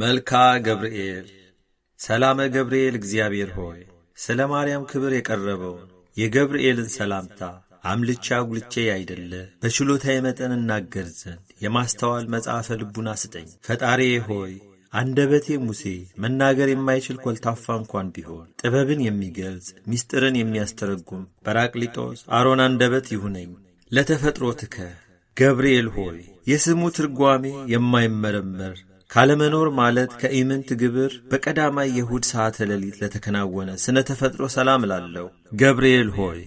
መልካ ገብርኤል ሰላመ ገብርኤል እግዚአብሔር ሆይ ስለ ማርያም ክብር የቀረበውን የገብርኤልን ሰላምታ አምልቻ አጉልቼ አይደለ በችሎታ የመጠን እናገር ዘንድ የማስተዋል መጽሐፈ ልቡና አስጠኝ። ፈጣሪዬ ሆይ አንደበቴ ሙሴ መናገር የማይችል ኮልታፋ እንኳን ቢሆን ጥበብን የሚገልጽ ምስጢርን የሚያስተረጉም በራቅሊጦስ አሮን አንደበት ይሁነኝ። ለተፈጥሮ ትከ ገብርኤል ሆይ የስሙ ትርጓሜ የማይመረመር ካለመኖር ማለት ከኢምንት ግብር በቀዳማይ የእሁድ ሰዓተ ሌሊት ለተከናወነ ስነ ተፈጥሮ ሰላም እላለሁ። ገብርኤል ሆይ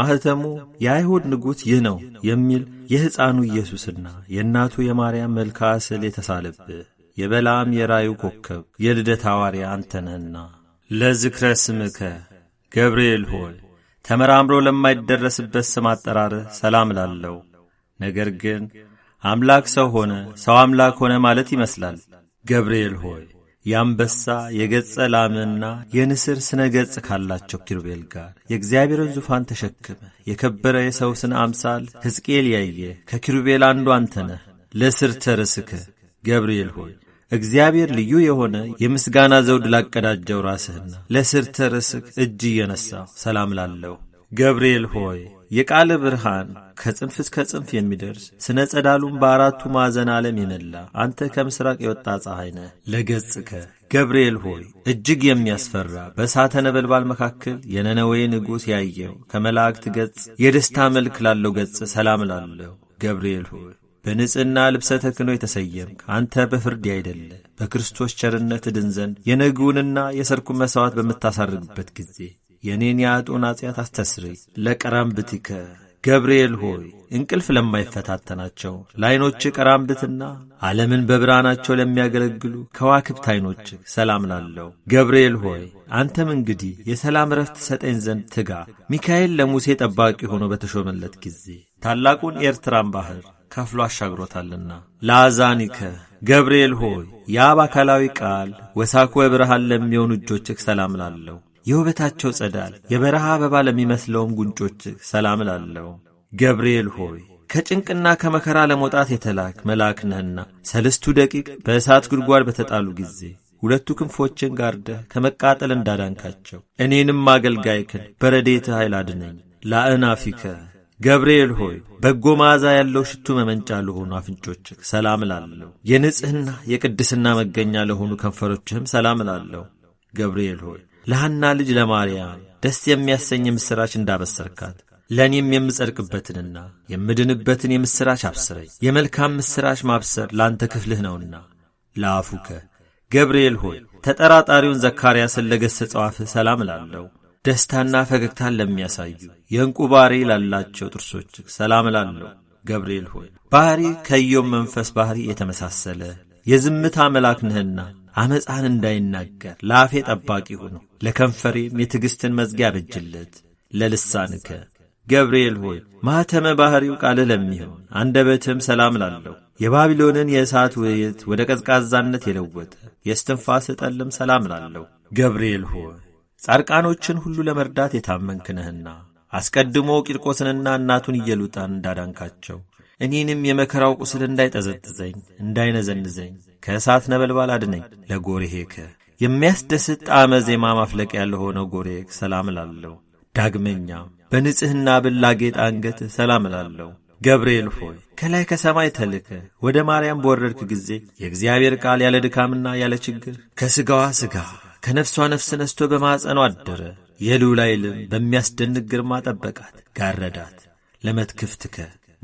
ማኅተሙ የአይሁድ ንጉሥ ይህ ነው የሚል የሕፃኑ ኢየሱስና የእናቱ የማርያም መልክዓ ስዕል የተሳለብህ የበላም የራዩ ኮከብ የልደት አዋርያ አንተነህና ለዝክረ ስምከ ገብርኤል ሆይ ተመራምሮ ለማይደረስበት ስም አጠራርህ ሰላም እላለሁ። ነገር ግን አምላክ ሰው ሆነ፣ ሰው አምላክ ሆነ ማለት ይመስላል። ገብርኤል ሆይ የአንበሳ የገጸ ላምና የንስር ስነ ገጽ ካላቸው ኪሩቤል ጋር የእግዚአብሔርን ዙፋን ተሸክመ የከበረ የሰው ስነ አምሳል ሕዝቅኤል ያየ ከኪሩቤል አንዱ አንተ ነህ። ለስር ተርስከ ገብርኤል ሆይ እግዚአብሔር ልዩ የሆነ የምስጋና ዘውድ ላቀዳጀው ራስህና ለስር ተርስክ እጅ እየነሳ ሰላም ላለሁ ገብርኤል ሆይ የቃለ ብርሃን ከጽንፍ እስከ ጽንፍ የሚደርስ ስነ ጸዳሉን በአራቱ ማዕዘን ዓለም የነላ አንተ ከምስራቅ የወጣ ፀሐይ ነህ። ለገጽከ ገብርኤል ሆይ እጅግ የሚያስፈራ በእሳተ ነበልባል መካከል የነነዌ ንጉሥ ያየው ከመላእክት ገጽ የደስታ መልክ ላለው ገጽ ሰላም ላለው ገብርኤል ሆይ በንጽሕና ልብሰ ተክኖ የተሰየምክ አንተ በፍርድ አይደለ በክርስቶስ ቸርነት እድን ዘንድ የነግውንና የሰርኩን መሥዋዕት በምታሳርግበት ጊዜ የእኔን የአጦን አጽያት አስተስርይ። ለቀራምብቲከ ገብርኤል ሆይ እንቅልፍ ለማይፈታተናቸው ለዐይኖች ቀራምብትና ዓለምን በብርሃናቸው ለሚያገለግሉ ከዋክብት ዐይኖች ሰላም ላለው ገብርኤል ሆይ አንተም እንግዲህ የሰላም ረፍት ሰጠኝ ዘንድ ትጋ። ሚካኤል ለሙሴ ጠባቂ ሆኖ በተሾመለት ጊዜ ታላቁን ኤርትራን ባሕር ከፍሎ አሻግሮታልና ለአዛኒከ ገብርኤል ሆይ የአብ አካላዊ ቃል ወሳኩ ብርሃን ለሚሆኑ እጆችህ ሰላም ላለው የውበታቸው ጸዳል የበረሃ አበባ ለሚመስለውም ጉንጮች ሰላም እላለሁ። ገብርኤል ሆይ ከጭንቅና ከመከራ ለመውጣት የተላክ መልአክ ነህና ሰልስቱ ደቂቅ በእሳት ጉድጓድ በተጣሉ ጊዜ ሁለቱ ክንፎችን ጋርደህ ከመቃጠል እንዳዳንካቸው እኔንም አገልጋይክን በረዴትህ ኃይል አድነኝ። ላእናፊከ ገብርኤል ሆይ በጎ መዓዛ ያለው ሽቱ መመንጫ ለሆኑ አፍንጮችህ ሰላም እላለሁ። የንጽሕና የቅድስና መገኛ ለሆኑ ከንፈሮችህም ሰላም እላለሁ። ገብርኤል ሆይ ለሐና ልጅ ለማርያም ደስ የሚያሰኝ ምስራች እንዳበሰርካት ለእኔም የምጸድቅበትንና የምድንበትን የምሥራች አብስረኝ። የመልካም ምሥራች ማብሰር ለአንተ ክፍልህ ነውና ለአፉከ ገብርኤል ሆይ ተጠራጣሪውን ዘካርያስን ለገሠጸው አፍህ ሰላም እላለሁ። ደስታና ፈገግታን ለሚያሳዩ የእንቁ ባሪ ላላቸው ጥርሶች ሰላም እላለሁ። ገብርኤል ሆይ ባሕሪ ከዮም መንፈስ ባሕሪ የተመሳሰለ የዝምታ መልአክ ነህና ዓመፃን እንዳይናገር ለአፌ ጠባቂ ሁኑ፣ ለከንፈሬም የትዕግሥትን መዝጊያ በጅለት ለልሳንከ ገብርኤል ሆይ ማኅተመ ባሕሪው ቃል ለሚሆን አንደበትም ሰላም ላለሁ የባቢሎንን የእሳት ውየት ወደ ቀዝቃዛነት የለወጠ የስትንፋስ ጠልም ሰላም ላለሁ ገብርኤል ሆይ ጻድቃኖችን ሁሉ ለመርዳት የታመንክነህና አስቀድሞ ቂርቆስንና እናቱን እየሉጣን እንዳዳንካቸው እኔንም የመከራው ቁስል እንዳይጠዘጥዘኝ እንዳይነዘንዘኝ ከእሳት ነበልባል አድነኝ። ለጎርሄክ የሚያስደስት ጣዕመ ዜማ ማፍለቅ ያለ ጎርሄክ ሰላም እላለሁ። ዳግመኛ በንጽሕና ብላጌጥ አንገት ሰላም እላለሁ። ገብርኤል ሆይ ከላይ ከሰማይ ተልከ ወደ ማርያም በወረድክ ጊዜ የእግዚአብሔር ቃል ያለ ድካምና ያለ ችግር ከሥጋዋ ሥጋ ከነፍሷ ነፍስ ነስቶ በማዕፀኗ አደረ። የልዑላዊ ልም በሚያስደንቅ ግርማ ጠበቃት፣ ጋረዳት። ለመትክፍትከ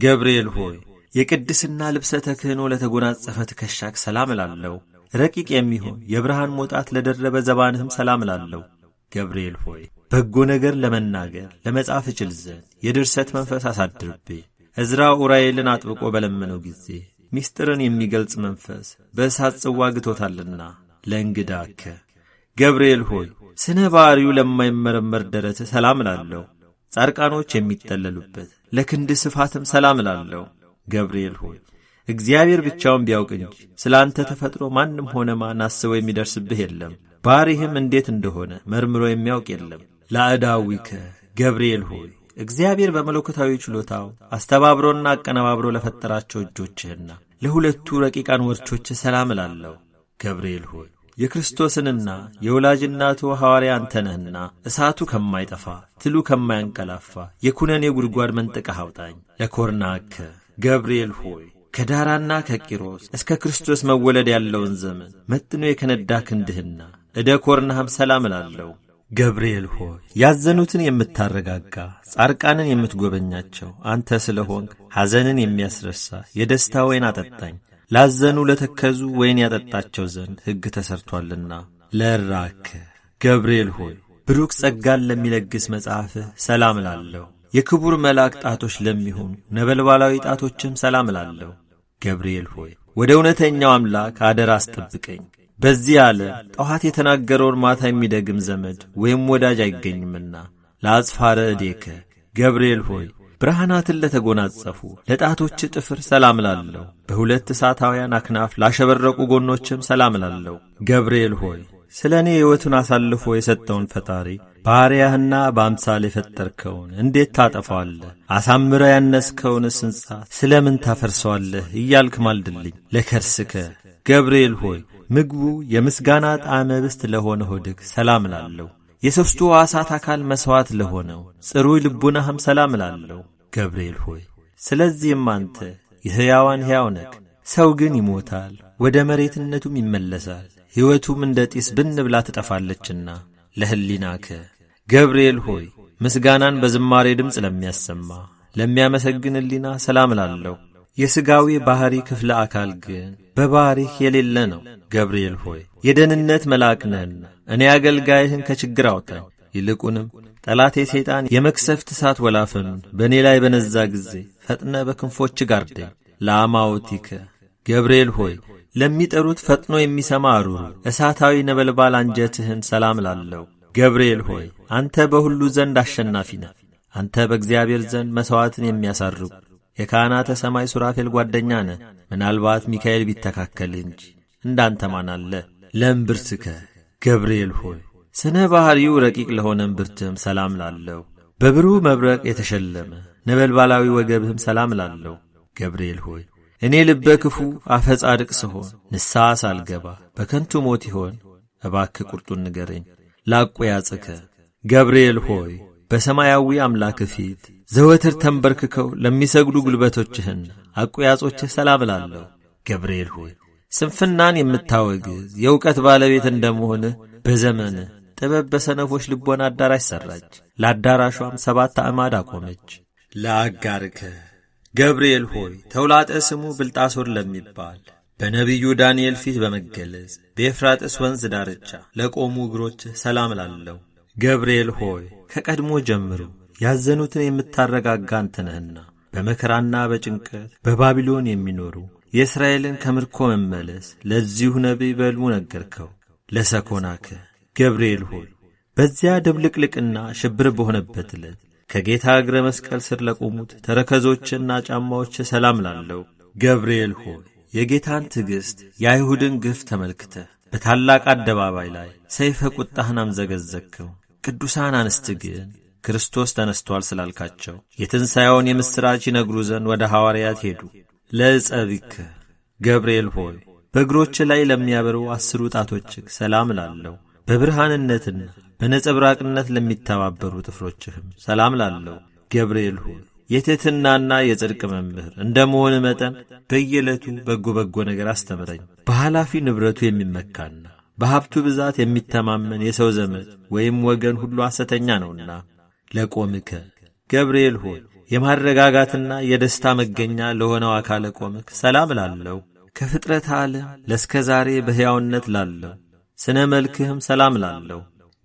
ገብርኤል ሆይ የቅድስና ልብሰ ተክህኖ ለተጎናጸፈ ትከሻክ ሰላም እላለሁ። ረቂቅ የሚሆን የብርሃን ሞጣት ለደረበ ዘባንህም ሰላም እላለሁ። ገብርኤል ሆይ በጎ ነገር ለመናገር ለመጻፍ እችል ዘንድ የድርሰት መንፈስ አሳድርብኝ። ዕዝራ ኡራኤልን አጥብቆ በለመነው ጊዜ ምስጢርን የሚገልጽ መንፈስ በእሳት ጽዋ ግቶታልና ለእንግዳ ገብርኤል ሆይ ስነ ባሕሪው ለማይመረመር ደረት ሰላም እላለሁ። ጻድቃኖች የሚጠለሉበት ለክንድ ስፋትም ሰላም እላለሁ። ገብርኤል ሆይ እግዚአብሔር ብቻውን ቢያውቅ እንጂ ስለ አንተ ተፈጥሮ ማንም ሆነ ማን አስቦ የሚደርስብህ የለም። ባሪህም እንዴት እንደሆነ መርምሮ የሚያውቅ የለም። ለአዳዊከ ገብርኤል ሆይ እግዚአብሔር በመለኮታዊ ችሎታው አስተባብሮና አቀነባብሮ ለፈጠራቸው እጆችህና ለሁለቱ ረቂቃን ወርቾች ሰላም እላለሁ። ገብርኤል ሆይ የክርስቶስንና የወላጅናቱ ሐዋርያ አንተ ነህና እሳቱ ከማይጠፋ ትሉ ከማያንቀላፋ የኩነኔ ጉድጓድ መንጥቀህ አውጣኝ። ለኮርናከ ገብርኤል ሆይ ከዳራና ከቂሮስ እስከ ክርስቶስ መወለድ ያለውን ዘመን መጥኖ የከነዳ ክንድህና እደ ኮርናህም ሰላም እላለሁ። ገብርኤል ሆይ ያዘኑትን የምታረጋጋ ጻርቃንን የምትጎበኛቸው አንተ ስለ ሆንክ ሐዘንን የሚያስረሳ የደስታ ወይን አጠጣኝ። ላዘኑ ለተከዙ ወይን ያጠጣቸው ዘንድ ሕግ ተሠርቶአልና። ለራክ ገብርኤል ሆይ ብሩክ ጸጋን ለሚለግስ መጽሐፍህ ሰላም እላለሁ። የክቡር መልአክ ጣቶች ለሚሆኑ ነበልባላዊ ጣቶችም ሰላም እላለሁ። ገብርኤል ሆይ ወደ እውነተኛው አምላክ አደራ አስጠብቀኝ። በዚህ አለ ጠዋት የተናገረውን ማታ የሚደግም ዘመድ ወይም ወዳጅ አይገኝምና ለአጽፋረ እዴከ ገብርኤል ሆይ ብርሃናትን ለተጎናጸፉ ለጣቶች ጥፍር ሰላም ላለሁ፣ በሁለት እሳታውያን አክናፍ ላሸበረቁ ጎኖችም ሰላም ላለሁ። ገብርኤል ሆይ ስለ እኔ ሕይወቱን አሳልፎ የሰጠውን ፈጣሪ ባሪያህና በአምሳል የፈጠርከውን እንዴት ታጠፋዋለህ? አሳምረ ያነስከውን ስንጻ ስለ ምን ታፈርሰዋለህ? እያልክ ማልድልኝ ለከርስከ ገብርኤል ሆይ ምግቡ የምስጋና ጣዕመ ብስት ለሆነ ሆድግ ሰላም ላለሁ። የሦስቱ ሕዋሳት አካል መሥዋዕት ለሆነው ጽሩይ ልቡናህም ሰላም እላለሁ። ገብርኤል ሆይ ስለዚህም አንተ የሕያዋን ሕያው ነክ ሰው ግን ይሞታል፣ ወደ መሬትነቱም ይመለሳል። ሕይወቱም እንደ ጢስ ብን ብላ ትጠፋለችና ለሕሊናከ ገብርኤል ሆይ ምስጋናን በዝማሬ ድምፅ ለሚያሰማ ለሚያመሰግን ሕሊና ሰላም እላለሁ። የሥጋዊ ባሕሪ ክፍለ አካል ግን በባሕሪህ የሌለ ነው። ገብርኤል ሆይ የደህንነት መልአክ ነን። እኔ አገልጋይህን ከችግር አውጣኝ። ይልቁንም ጠላቴ ሰይጣን የመክሰፍት እሳት ወላፈኑን በእኔ ላይ በነዛ ጊዜ ፈጥነ በክንፎች ጋርደኝ። ለአማውቲከ ገብርኤል ሆይ ለሚጠሩት ፈጥኖ የሚሰማ አሩሩ እሳታዊ ነበልባል አንጀትህን ሰላም ላለው። ገብርኤል ሆይ አንተ በሁሉ ዘንድ አሸናፊ ነህ። አንተ በእግዚአብሔር ዘንድ መሥዋዕትን የሚያሳርጉ የካህናተ ሰማይ ሱራፌል ጓደኛ ነ ምናልባት ሚካኤል ቢተካከል እንጂ እንዳንተ ማን አለ? ለእምብርትከ ገብርኤል ሆይ ስነ ባሕሪው ረቂቅ ለሆነ እምብርትህም ሰላም ላለው በብሩህ መብረቅ የተሸለመ ነበልባላዊ ወገብህም ሰላም ላለው ገብርኤል ሆይ እኔ ልበ ክፉ አፈ ጻድቅ ስሆን ንስሐ ሳልገባ በከንቱ ሞት ይሆን እባክ ቁርጡን ንገረኝ። ላቁ ያጽከ ገብርኤል ሆይ በሰማያዊ አምላክ ፊት ዘወትር ተንበርክከው ለሚሰግዱ ጉልበቶችህን አቁያጾችህ ሰላም እላለሁ። ገብርኤል ሆይ ስንፍናን የምታወግዝ የእውቀት ባለቤት እንደመሆንህ በዘመንህ ጥበብ በሰነፎች ልቦና አዳራሽ ሠራች፣ ለአዳራሿም ሰባት አዕማድ አቆመች። ለአጋርከ ገብርኤል ሆይ ተውላጠ ስሙ ብልጣሶር ለሚባል በነቢዩ ዳንኤል ፊት በመገለጽ በኤፍራጥስ ወንዝ ዳርቻ ለቆሙ እግሮችህ ሰላም ላለው ገብርኤል ሆይ ከቀድሞ ጀምሮ ያዘኑትን የምታረጋጋ አንተ ነህና በመከራና በጭንቀት በባቢሎን የሚኖሩ የእስራኤልን ከምርኮ መመለስ ለዚሁ ነቢይ በሕልሙ ነገርከው ለሰኮናከ ገብርኤል ሆይ በዚያ ድብልቅልቅና ሽብር በሆነበት ዕለት ከጌታ እግረ መስቀል ስር ለቆሙት ተረከዞችና ጫማዎች ሰላም ላለው ገብርኤል ሆይ የጌታን ትዕግሥት የአይሁድን ግፍ ተመልክተ በታላቅ አደባባይ ላይ ሰይፈ ቁጣህን አምዘገዘግከው። ቅዱሳን አንስት ግን ክርስቶስ ተነስቷል ስላልካቸው የትንሣኤውን የምሥራች ይነግሩ ዘንድ ወደ ሐዋርያት ሄዱ። ለጸብክ ገብርኤል ሆይ በእግሮች ላይ ለሚያበሩ አስሩ ጣቶችህ ሰላም ላለው በብርሃንነትና በነጸብራቅነት ለሚተባበሩ ጥፍሮችህም ሰላም ላለው ገብርኤል ሆይ የትሕትናና የጽድቅ መምህር እንደ መሆን መጠን በየዕለቱ በጎ በጎ ነገር አስተምረኝ። በኃላፊ ንብረቱ የሚመካና በሀብቱ ብዛት የሚተማመን የሰው ዘመድ ወይም ወገን ሁሉ ሐሰተኛ ነውና ለቆምከ ገብርኤል ሆይ የማረጋጋትና የደስታ መገኛ ለሆነው አካለ ቆምክ ሰላም ላለው ከፍጥረት ዓለም ለእስከ ዛሬ በሕያውነት ላለው ስነ መልክህም ሰላም ላለው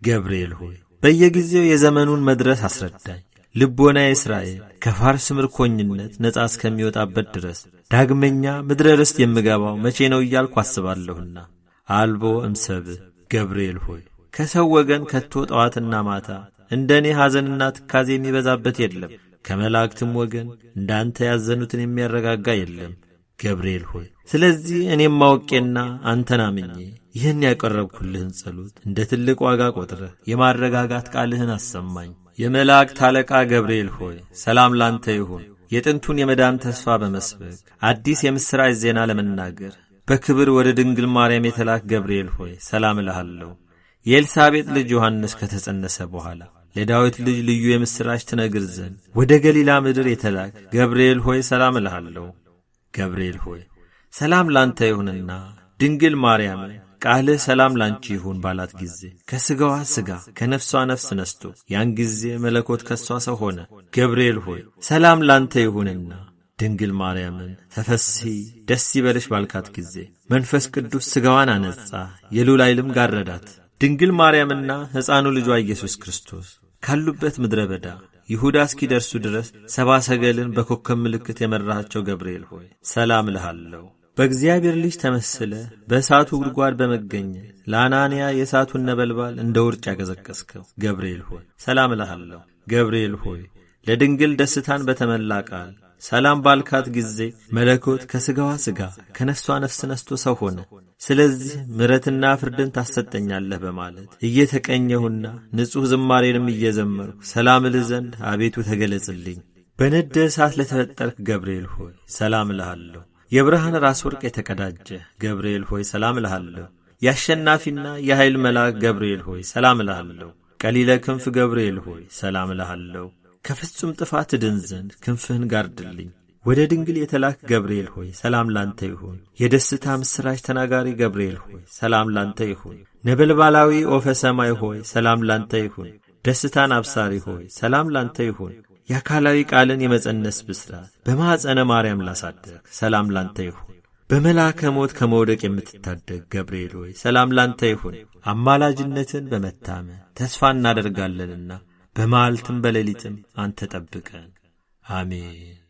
ገብርኤል ሆይ በየጊዜው የዘመኑን መድረስ አስረዳኝ። ልቦና እስራኤል ከፋርስ ምርኮኝነት ነጻ እስከሚወጣበት ድረስ ዳግመኛ ምድረ ርስት የምገባው መቼ ነው እያልኩ አስባለሁና። አልቦ እምሰብ ገብርኤል ሆይ ከሰው ወገን ከቶ ጠዋትና ማታ እንደ እኔ ሐዘንና ትካዜ የሚበዛበት የለም። ከመላእክትም ወገን እንዳንተ ያዘኑትን የሚያረጋጋ የለም ገብርኤል ሆይ። ስለዚህ እኔም ማወቄና አንተን አምኜ ይህን ያቀረብኩልህን ጸሎት እንደ ትልቅ ዋጋ ቆጥረህ የማረጋጋት ቃልህን አሰማኝ። የመላእክት አለቃ ገብርኤል ሆይ ሰላም ላንተ ይሁን። የጥንቱን የመዳን ተስፋ በመስበክ አዲስ የምሥራች ዜና ለመናገር በክብር ወደ ድንግል ማርያም የተላክ ገብርኤል ሆይ ሰላም እልሃለሁ። የኤልሳቤጥ ልጅ ዮሐንስ ከተጸነሰ በኋላ ለዳዊት ልጅ ልዩ የምሥራች ትነግር ዘንድ ወደ ገሊላ ምድር የተላክ ገብርኤል ሆይ ሰላም እልሃለሁ። ገብርኤል ሆይ ሰላም ላንተ ይሁንና ድንግል ማርያምን ቃልህ ሰላም ላንቺ ይሁን ባላት ጊዜ ከሥጋዋ ሥጋ ከነፍሷ ነፍስ ነስቶ ያን ጊዜ መለኮት ከሷ ሰው ሆነ። ገብርኤል ሆይ ሰላም ላንተ ይሁንና ድንግል ማርያምን ተፈስሒ ደስ ይበልሽ ባልካት ጊዜ መንፈስ ቅዱስ ሥጋዋን አነጻ፣ የሉላይልም ጋረዳት። ድንግል ማርያምና ሕፃኑ ልጇ ኢየሱስ ክርስቶስ ካሉበት ምድረ በዳ ይሁዳ እስኪደርሱ ድረስ ሰባ ሰገልን በኮከብ ምልክት የመራቸው ገብርኤል ሆይ ሰላም እልሃለሁ። በእግዚአብሔር ልጅ ተመስለ በእሳቱ ጉድጓድ በመገኘት ለአናንያ የእሳቱን ነበልባል እንደ ውርጭ ያቀዘቀዝከው ገብርኤል ሆይ ሰላም እልሃለሁ። ገብርኤል ሆይ ለድንግል ደስታን በተመላ ቃል ሰላም ባልካት ጊዜ መለኮት ከሥጋዋ ሥጋ ከነፍሷ ነፍስ ነስቶ ሰው ሆነ። ስለዚህ ምረትና ፍርድን ታሰጠኛለህ በማለት እየተቀኘሁና ንጹሕ ዝማሬንም እየዘመርሁ ሰላም ልህ ዘንድ አቤቱ ተገለጽልኝ። በንድ እሳት ለተፈጠርክ ገብርኤል ሆይ ሰላም እልሃለሁ። የብርሃን ራስ ወርቅ የተቀዳጀ ገብርኤል ሆይ ሰላም እልሃለሁ። የአሸናፊና የኃይል መልአክ ገብርኤል ሆይ ሰላም እልሃለሁ። ቀሊለ ክንፍ ገብርኤል ሆይ ሰላም እልሃለሁ። ከፍጹም ጥፋት ድን ዘንድ ክንፍህን ጋርድልኝ። ወደ ድንግል የተላክ ገብርኤል ሆይ ሰላም ላንተ ይሁን። የደስታ ምስራች ተናጋሪ ገብርኤል ሆይ ሰላም ላንተ ይሁን። ነበልባላዊ ኦፈ ሰማይ ሆይ ሰላም ላንተ ይሁን። ደስታን አብሳሪ ሆይ ሰላም ላንተ ይሁን። የአካላዊ ቃልን የመጸነስ ብስራት በማዕፀነ ማርያም ላሳደግ ሰላም ላንተ ይሁን። በመላከ ሞት ከመውደቅ የምትታደግ ገብርኤል ሆይ ሰላም ላንተ ይሁን። አማላጅነትን በመታመን ተስፋ እናደርጋለንና በማልትም በሌሊትም አንተ ጠብቀን። አሜን።